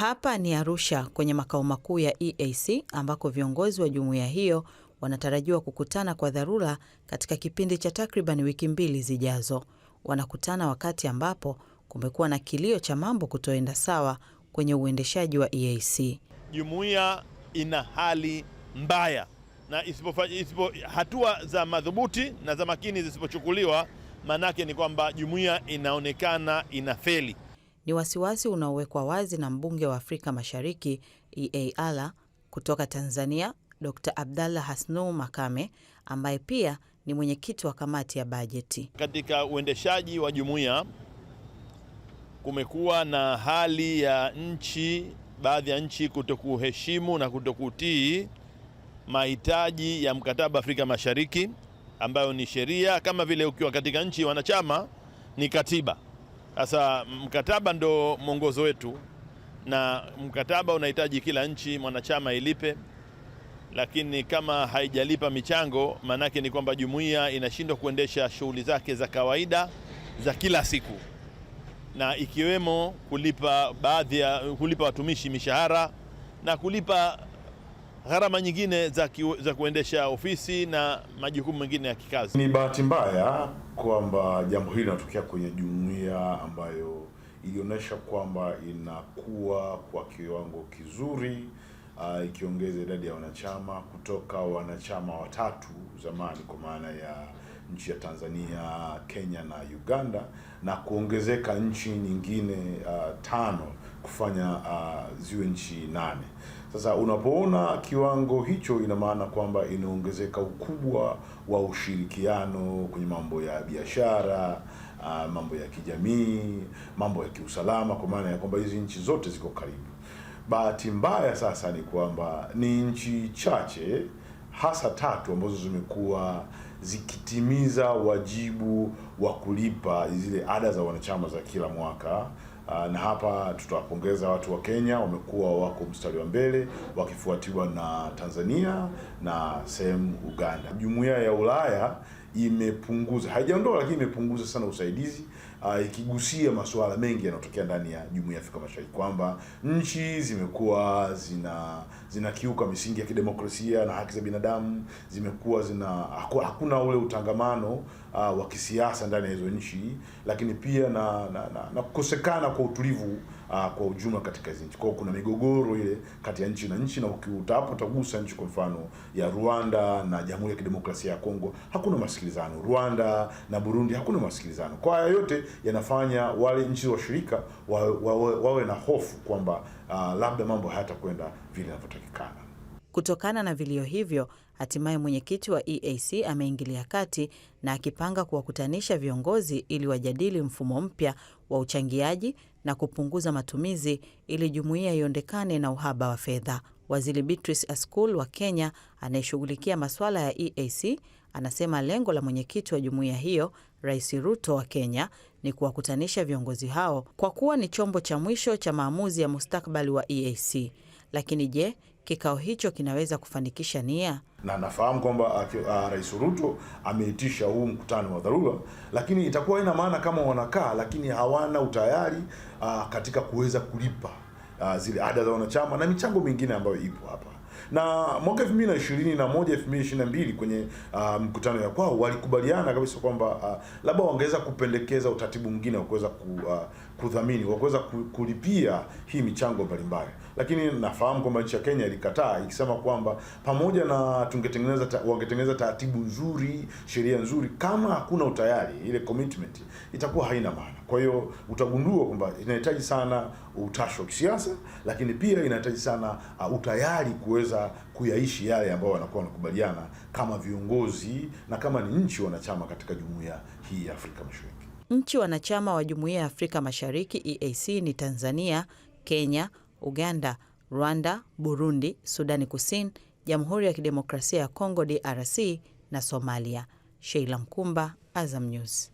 Hapa ni Arusha kwenye makao makuu ya EAC ambako viongozi wa jumuiya hiyo wanatarajiwa kukutana kwa dharura katika kipindi cha takriban wiki mbili zijazo. Wanakutana wakati ambapo kumekuwa na kilio cha mambo kutoenda sawa kwenye uendeshaji wa EAC. Jumuiya ina hali mbaya na isipo, isipo, hatua za madhubuti na za makini zisipochukuliwa, maanake ni kwamba jumuiya inaonekana ina feli ni wasiwasi unaowekwa wazi na mbunge wa Afrika Mashariki EALA kutoka Tanzania, Dr. Abdallah Hasnu Makame ambaye pia ni mwenyekiti wa kamati ya bajeti. Katika uendeshaji wa jumuiya kumekuwa na hali ya nchi, baadhi ya nchi kutokuheshimu na kutokutii mahitaji ya mkataba Afrika Mashariki ambayo ni sheria, kama vile ukiwa katika nchi wanachama ni katiba. Sasa mkataba ndo mwongozo wetu, na mkataba unahitaji kila nchi mwanachama ilipe, lakini kama haijalipa michango, maanake ni kwamba jumuiya inashindwa kuendesha shughuli zake za kawaida za kila siku, na ikiwemo kulipa baadhi ya kulipa watumishi mishahara na kulipa gharama nyingine za, ki, za kuendesha ofisi na majukumu mengine ya kikazi. Ni bahati mbaya kwamba jambo hili linatokea kwenye jumuiya ambayo ilionyesha kwamba inakuwa kwa kiwango kizuri uh, ikiongeza idadi ya wanachama kutoka wanachama watatu zamani kwa maana ya nchi ya Tanzania, Kenya na Uganda na kuongezeka nchi nyingine uh, tano kufanya uh, ziwe nchi nane. Sasa unapoona kiwango hicho, ina maana kwamba inaongezeka ukubwa wa ushirikiano kwenye mambo ya biashara, uh, mambo ya kijamii, mambo ya kiusalama, kwa maana ya kwamba hizi nchi zote ziko karibu. Bahati mbaya sasa ni kwamba ni nchi chache hasa tatu ambazo zimekuwa zikitimiza wajibu wa kulipa zile ada za wanachama za kila mwaka. Ah, na hapa tutawapongeza watu wa Kenya, wamekuwa wako mstari wa mbele wakifuatiwa na Tanzania na sehemu Uganda. Jumuiya ya Ulaya imepunguza, haijaondoa lakini imepunguza sana usaidizi uh, ikigusia masuala mengi yanayotokea ndani ya Jumuiya ya Afrika Mashariki kwamba nchi zimekuwa zina zinakiuka misingi ya kidemokrasia na haki za binadamu, zimekuwa zina hakuna ule utangamano uh, wa kisiasa ndani ya hizo nchi, lakini pia na na, na, na kukosekana kwa utulivu uh, kwa ujumla katika hizi nchi. Kwa kuna migogoro ile kati ya nchi na nchi, na ukiutapo utagusa nchi kwa mfano ya Rwanda na Jamhuri ya Kidemokrasia ya Kongo hakuna masikilizano, Rwanda na Burundi hakuna masikilizano. Kwa haya yote yanafanya wale nchi washirika wawe, wawe, wawe na hofu kwamba uh, labda mambo hayatakwenda vile yanavyotakikana. Kutokana na vilio hivyo, hatimaye mwenyekiti wa EAC ameingilia kati na akipanga kuwakutanisha viongozi ili wajadili mfumo mpya wa uchangiaji na kupunguza matumizi ili jumuiya iondekane na uhaba wa fedha. Waziri Beatrice Askul wa Kenya anayeshughulikia masuala ya EAC anasema lengo la mwenyekiti wa jumuiya hiyo Rais Ruto wa Kenya ni kuwakutanisha viongozi hao kwa kuwa ni chombo cha mwisho cha maamuzi ya mustakabali wa EAC. Lakini je, kikao hicho kinaweza kufanikisha nia, na nafahamu kwamba ah, Rais Ruto ameitisha huu mkutano wa dharura, lakini itakuwa ina maana kama wanakaa, lakini hawana utayari a, ah, katika kuweza kulipa a, ah, zile ada za wanachama na michango mingine ambayo ipo hapa na mwaka na mbili kwenye uh, mkutano ya kwao walikubaliana kabisa kwamba uh, labda wangeweza kupendekeza utaratibu mwingine wa kuweza ku, uh, kudhamini wa kuweza kulipia hii michango mbalimbali lakini nafahamu kwamba nchi ya Kenya ilikataa ikisema kwamba pamoja na tungetengeneza ta, wangetengeneza taratibu nzuri, sheria nzuri, kama hakuna utayari, ile commitment itakuwa haina maana. Kwa hiyo utagundua kwamba inahitaji sana utashi wa kisiasa, lakini pia inahitaji sana uh, utayari kuweza kuyaishi yale ambayo wanakuwa wanakubaliana kama viongozi na kama ni nchi wanachama katika jumuiya hii ya Afrika Mashariki. Nchi wanachama wa Jumuiya ya Afrika Mashariki EAC ni Tanzania, Kenya, Uganda, Rwanda, Burundi, Sudani Kusini, Jamhuri ya Kidemokrasia ya Kongo DRC na Somalia. Sheila Mkumba, Azam News.